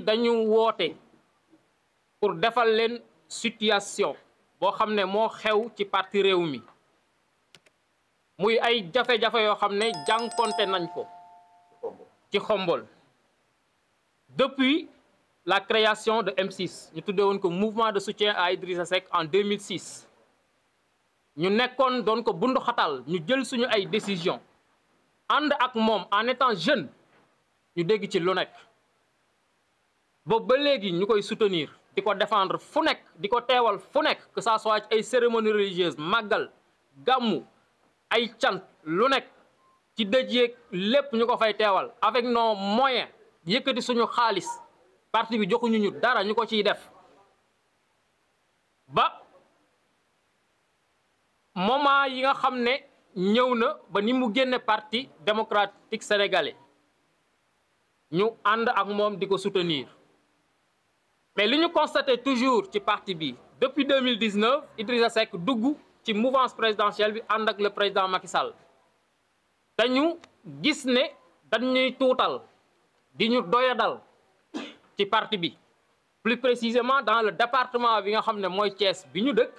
yi dañu woote pour defal leen situation boo xam ne moo xew ci parti réew mi muy ay jafe-jafe yoo xam ne jànkonte nañ ko ci xombol depuis la création de M6 ñu tuddee woon ko mouvement de soutien à Idrissa Seck en 2006 ñu nekkoon doon ko bundu ñu jël suñu ay décision ànd ak moom en étant jeune ñu dégg ci lu nekk boobu ba léegi ñu koy soutenir di ko défendre fu nekk di ko teewal fu nekk que ça ay cérémonie religieuse màggal gàmmu ay cant lu nekk ci dëj lépp ñu ko fay teewal avec nos moyen yëkkati suñu xaalis parti bi joxuñu ñu dara ñu ko ciy def ba moment yi nga xam ne ñëw na ba ni mu génne parti démocratique sénégalais ñu ànd ak moom di ko soutenir mais li ñu constaté toujours ci parti bi depuis 2019 Idrissa Seck dugg ci mouvance présidentielle bi ànd ak le président Macky Sall dañu gis ne dañuy tuutal di ñu doyadal ci parti bi plus précisément dans le département bi nga xam ne mooy cees bi ñu dëkk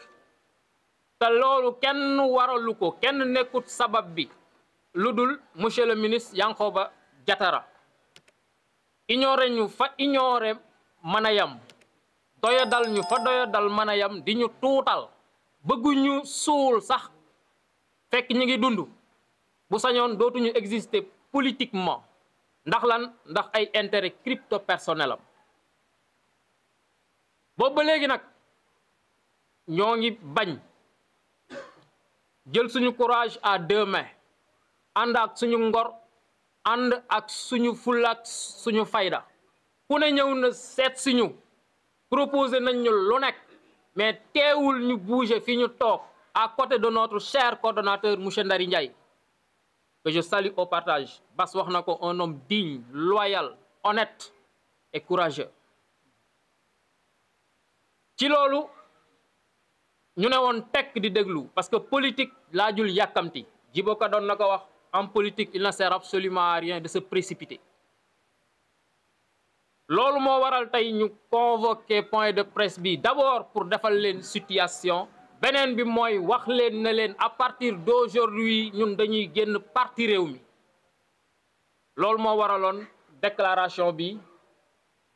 te loolu kenn waralu ko kenn nekkut sabab bi lu dul monsieur le ministre Yankhoba Diattara ignoré ñu fa ignoré mën a yem doya dal ñu fa doya dal mën a yem di ñu tuutal bëgguñu suul sax fekk ñu ngi dund bu sañoon dootuñu exister politiquement ndax lan ndax ay intérêt crypto personnel am boobu ba léegi nag ñoo ngi bañ jël suñu courage à deux mains ànd ak suñu ngor ànd ak suñu fulla suñu fayda ku ne ñëw na seet si ñu nañ ñu lu nekk mais teewul ñu bouger fi ñu toog à côté de notre cher coordonnateur monsieur Ndari Ndiaye que je salue au partage wax na ko un homme digne loyal honnête et courageux ci loolu ñu ne woon tekk di déglu parce que politique laajul yàkkamti Djibo Ka doon na ko wax en politique il ne sert absolument à de se précipiter loolu moo waral tey ñu convoqué point de presse bi d'abord pour defal leen situation beneen bi mooy wax leen ne leen à partir d'aujourd'hui ñun dañuy génn parti réew mi loolu moo waraloon déclaration bi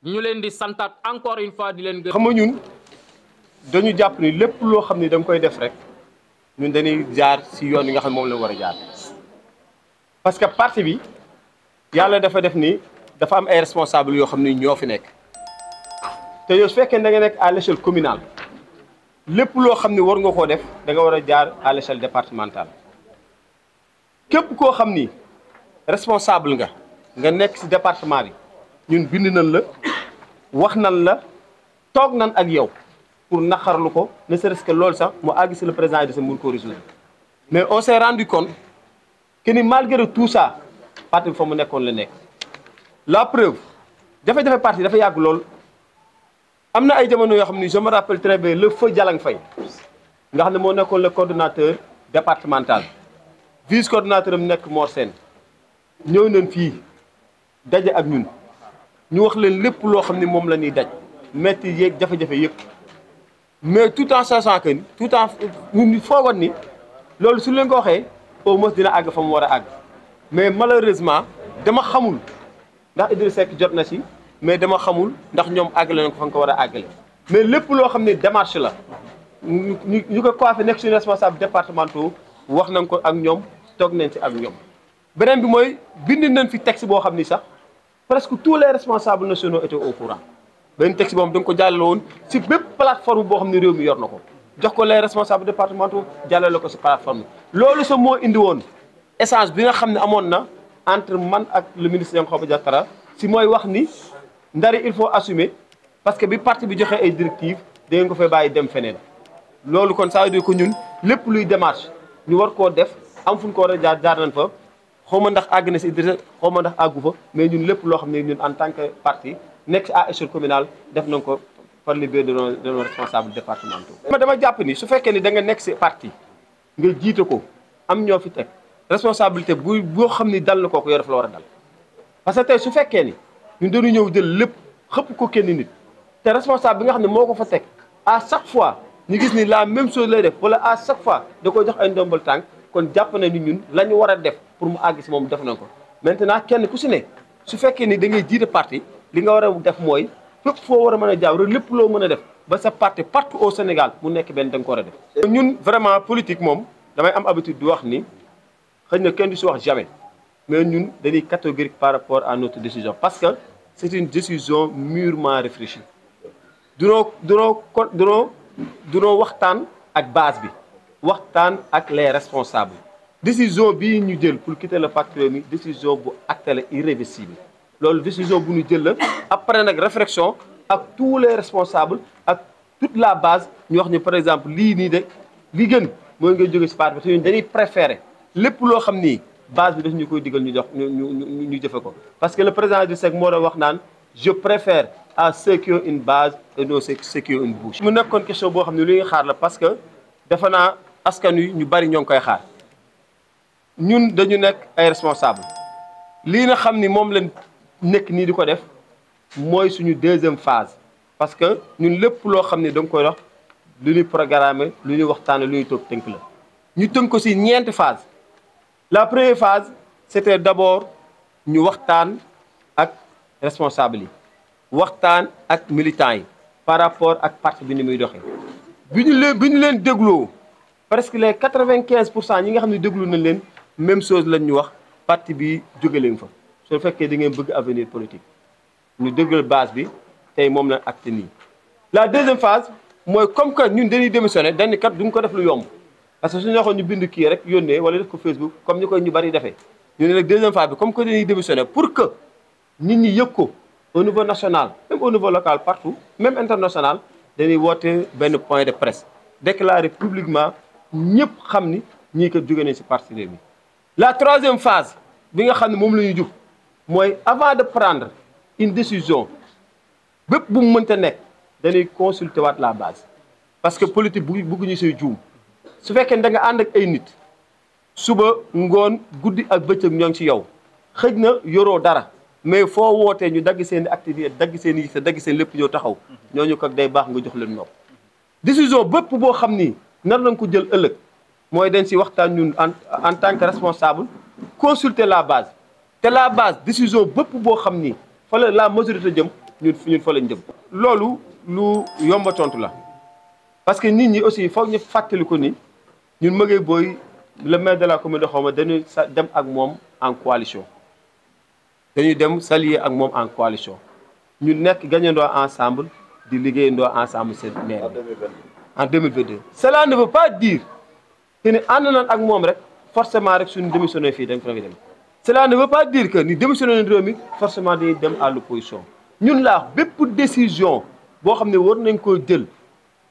ñu leen di santaat encore une fois di leen gën xam ñun dañu jàpp ni lépp loo xam ni da koy def rek ñun dañuy jaar si yoon yi nga xam ne moom la war a jaar parce que parti bi yàlla dafa def ni dafa am ay responsable yoo xam ni ñoo fi nekk te yow su fekkee da nga nekk à l' échelle lépp loo xam ni war nga koo def da nga war a jaar à l' échelle képp koo xam ni responsable nga nga nekk si département bi ñun bind nañ la wax nan la toog nan ak yow pour naqarlu ko ne serait-ce que loolu sax mu àgg la le président yi de sa mun ko résoudre mais on s' est rendu compte que ni malgré tout ça parti bi fa mu nekkoon la nekk la preuve jafejafe jafe parti dafa yàgg lool am na ay jamono yoo xam ni je me rappelle très bien le feu Jalang Faye nga xam ne moo nekkoon le coordonnateur départemental vice coordonnateur am nekk Mor Sène ñëw nañ fii daje ak ñun ñu wax leen lépp loo xam ni moom la ñuy daj metti yeeg jafe-jafe yëpp mais tout en sachant que ni tout en ñun foogoon ni loolu su leen ko waxee au moins dina àgg fa mu war a àgg mais malheureusement dama xamul ndax Idrissa Seck jot na si mais dama xamul ndax ñoom àggale na ko fa nga ko war a àggale mais lépp loo xam ne démarche la ñu ñu ko coiffé nekk suñu responsable départementaux wax nañ ko ak ñoom toog nañ si ak ñoom. beneen bi mooy bind nañ fi texte boo xam ni sax presque tous les responsables nationaux été au courant benn texte boobu da nga ko jàllale woon si bépp plateforme boo xam ni réew mi yor na ko jox ko les responsables départementaux jàllale ko si plateforme loolu sa moo indi woon échange bi nga xam ne amoon na. entre man ak le ministre Yankhoba Diattara si mooy wax ni Ndari il faut assumé parce que bi parti bi joxe ay directive da ko fay bàyyi dem feneen loolu kon saa ko ñun lépp luy démarche ñu war koo def am fu ñu ko war a jaar jaar nañ fa xaw ma ndax àgg na si Idrissa xaw ma ndax àggu fa mais ñun lépp loo xam ne ñun en tant que parti nekk à échelle communale def nañ ko par le biais de nos de nos responsables dama jàpp ni su fekkee ni danga nekk si parti nga jiite ko am ñoo fi teg. responsabilité bu boo xam ni dal na kooku yow daf la war a dal parce que tey su fekkee ni ñun dañu ñëw jël lépp xëpp ko kenn nit te responsable bi nga xam ne moo ko fa sekk à chaque fois ñu gis ni la même chose lay def wala à chaque fois da koy jox ay ndombal tànk kon jàpp na ni ñun la ñu war a def pour mu àgg si moom def na ko maintenant kenn ku si ne su fekkee ni da ngay jiite parti li nga war a def mooy fépp foo war a mën a jaaw rek lépp loo mën a def ba sa parti partout au Sénégal mu benn da nga war a def ñun vraiment politique moom damay am habitude di wax ni xëy na kenn du si wax jamais mais ñun dañuy catégorique par rapport à notre décision parce que c'est une décision mûrement réfléchie dunoo dunoo kon dunoo dunoo waxtaan ak base bi waxtaan ak les responsables décision bi ñu jël pour quitter le pacte Rewmi décision bu acté la irréversible loolu décision bu ñu jël la après nag réflexion ak tout les responsables ak toute la base ñu wax ni par exemple lii nii de li gën mooy nga jóge si part dañuy préférer lépp loo xam ni base bi daf ñu koy digal ñu jox ñu ñu ñu jëfe ko parce que le président Idrissa Seck moo doon wax naan je préfère à une base et non ceux qui ont une nekkoon question boo xam ne lu ñuy xaar la parce defe naa askan wi ñu bari ñoo ngi koy xaar ñun dañu nekk ay responsable lii na xam ni moom lañ nekk nii di ko def mooy suñu deuxième phase parce que ñun lépp loo xam ne da nga koy dox lu ñuy programme lu ñuy waxtaane lu ñuy toog tënk la ñu tënk ko si ñeent phase la première phase c'était d'abord ñu waxtaan ak responsable yi waxtaan ak militants yi par rapport ak parti bi ni muy doxee bi ñu leen bi ñu leen dégloo presque les quatre-vingt-quinze pour cent ñi nga xam ne déglu nañ leen même sos lañ ñu wax parti bi jóge leen fa soo fekkee da ngeen bëgg avenir politique ñu déggal base bi tey moom la acte nii la deuxième phase mooy comme que ñun dañuy démissionné dañ kat duñ ko def lu yomb parce que suñu waxoon ñu bind kii rek yónnee wala def ko Facebook comme ni koy ñu bari defee ñu ne nag deuxième phase bi comme que dañuy démissionné pour que nit ñi yëg ko au niveau national même au niveau local partout même international dañuy woote benn point de presse déclarer publiquement ñëpp xam ni ñii ko jóge nañ si parti Rewmi la troisième phase bi nga xam ne moom la ñu jub mooy avant de prendre une décision bépp bu mu mënta nekk dañuy consulter waat la base parce que politique bu bugg ñu su fekkee ne da nga ànd ak ay nit suba ngoon guddi ak bëccëg ñoo ngi ci yow xëj na yoroo dara mais foo wootee ñu dagg seen i activité dagg seen i dagg seen lépp ñoo taxaw ñooñu ko day baax nga jox leen nopp décision bépp boo xam ni nar nañ ko jël ëllëg mooy dañ ci waxtaan ñun en tant que responsable consulter la base te la base décision bëpp boo xam ni fa la la majorité jëm ñun ñun fa lañ jëm. loolu lu yomba tontu la parce que nit ñi aussi foog ñu fàttali ni. ñun Maguette Boye le maire de la commune de Xawma dañuy dem ak moom en dañuy dem s'allier ak moom en coalition ñu nekk gagnandoo ensemble di liggéeyandoo ensemble seen maire en 2022 cela ne veut pas dire que ni ànd nañ ak moom rek forcément rek suñu démissionné fii dañ fa nga dem cela ne veut pas dire que ni démissionné réew mi forcément dañuy dem à l'opposition ñun laa bépp décision boo xam ne war nañ koy jël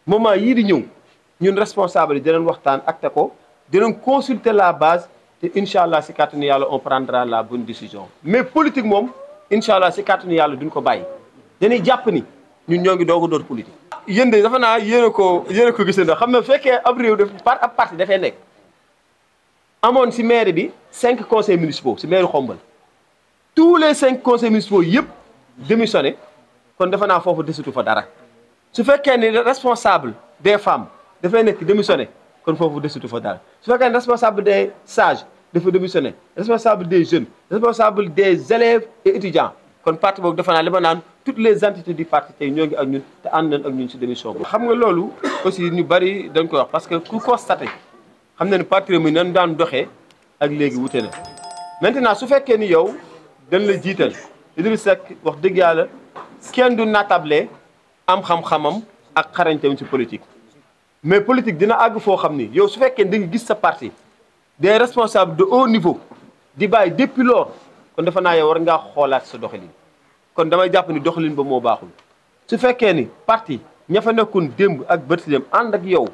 moment yii di ñëw ñun responsable yi waxtaan acté ko dinañ consulter la base te incha allah si kàttanu yàlla on prendra la bonne décision. mais politique moom incha allah si kàttanu yàlla duñ ko bàyyi dañuy jàpp ni ñun ñoo ngi doog a door politique. yéen de dafa naa yéen ko yéen a ko gisandoo xam ne bu fekkee ab réew daf par ab parti dafay nekk amoon si maire bi cinq conseils municipaux si maire Xombal tous les cinq conseils municipaux yëpp démissionné kon dafa naa foofu desatu fa dara su fekkee ni responsable des femmes. dafay nekk démissionné kon foofu desitu fa daal su fekkee ne responsable des sages dafa démissionné responsable des jeunes responsable des élèves et étudiants kon parti boobu dafa naa li ma naan toutes les entités du parti tey ñoo ngi ak ñun te ànd nañ ak ñun si démission boobu. xam nga loolu aussi ñu bari dañ ko wax parce que ku constaté xam na ne parti Rewmi nan daan doxee ak léegi wute na maintenant su fekkee ni yow dañ la jiital Idrissa Seck wax dëgg yàlla kenn du natable am xam-xamam ak xarañtam ci politique. mais politique dina àgg foo xam ni yow su fekkee da nga gis sa parti des responsables de haut niveau di bàyyi depuis lors kon dafa naa yow war ngaa xoolaat sa doxalin kon damay jàpp ni doxalin ba moo baaxul su fekkee ni parti ña fa nekkoon démb ak bët bërtileem ànd ak yow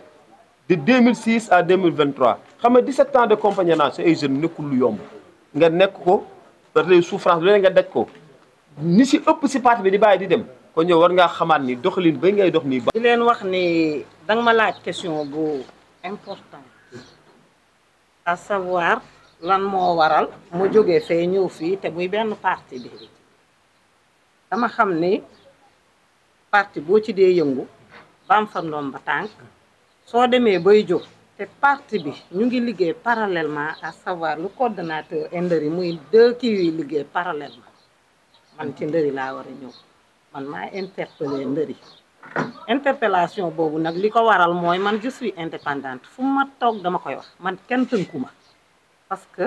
de 2006 à 2023 xam nga 17 ans de compagnonnage su ay jeunes nekkul lu yomb nga nekk ko peut-être souffrance lu ne nga daj ko ni si ëpp si parti bi di bàyyi di dem kon yow war ngaa xamaat ni doxalin ba ngay dox nii ba leen wax ni danga ma laaj question bu important à savoir lan moo waral mu jóge fee ñëw fii te muy benn parti bi dama xam ni parti boo ci dee yëngu bam fa ndoom ba soo demee bay jóg te parti bi ñu ngi liggéey parallèlement à savoir le coordonnateur indëri muy deux kii yuy liggéey parallèlement man ci ndëri laa war a ñëw man maa interpellé ndëri interpellation boobu nag li ko waral mooy man je suis indépendante fu ma toog dama koy wax man kenn tënku ma parce que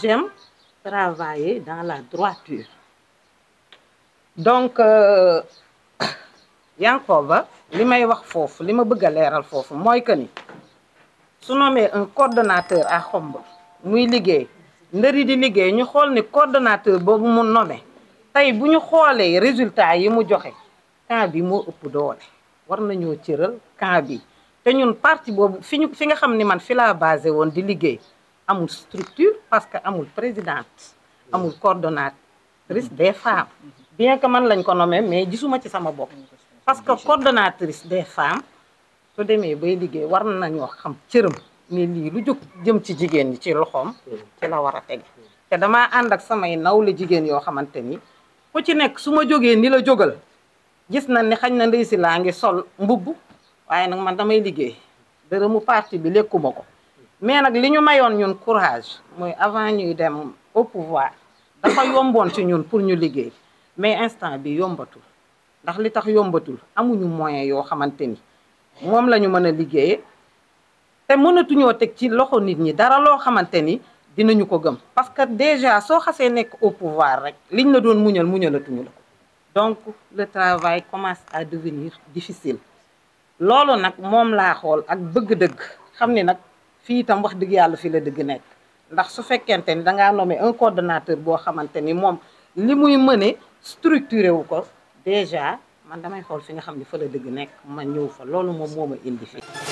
j'aime travailler dans la droiture donc euh, Yankoba li may wax foofu li ma bëgg a leeral foofu mooy que ni su nommé un coordonnateur à Khombole muy liggéey ndëri di liggéey ñu xool ni coordonnateur boobu mu nommé tey bu ñu xoolee résultat yi mu joxe cas bi moo ëpp doole war nañoo cëral cas bi te ñun parti boobu fi ñu fi nga xam ni man fi la basé woon di liggéey amul structure parce que amul présidente amul coordonnatrice mm-hmm. des femmes mm-hmm. bien que man lañ ko nommé mais gisuma ci sama bopp mm-hmm. parce que coordonnatrice des femmes su demee bay liggéey war na nañoo xam cëram ni lii lu jóg jëm ci jigéen ñi ci loxoom ci la war a teg te dama ànd ak samay la jigéen yoo xamante ni ku ci nekk su ma jógee ni la jógal gis nañ ne xañ na ndey si laa ngi sol mbubb waaye nag man damay liggéey mu parti bi lekkuma ko mais nag li ñu mayoon ñun courage mooy avant ñuy dem au pouvoir dafa yomboon ci ñun pour ñu liggéey mais instant bi yombatul ndax li tax yombatul amuñu moyen yoo xamante ni moom la ñu mën a liggéeye te mënatuñoo teg ci loxo nit ñi dara loo xamante ni dinañu ko gëm parce que déjà soo xasee nekk au pouvoir rek liñ la doon muñal muñalatuñu la donc le travail commence à devenir difficile loolu nag moom laa xool ak bëgg dëgg xam ni nag fii itam wax dëgg yàlla fii la dëgg nekk ndax su fekkente ni dangaa noome un coordonnateur boo xamante ni moom li muy mëne structuré wu ko déjà man damay xool fi nga xam ni fa la dëgg nekk ma ñëw fa loolu moom moo ma indi fii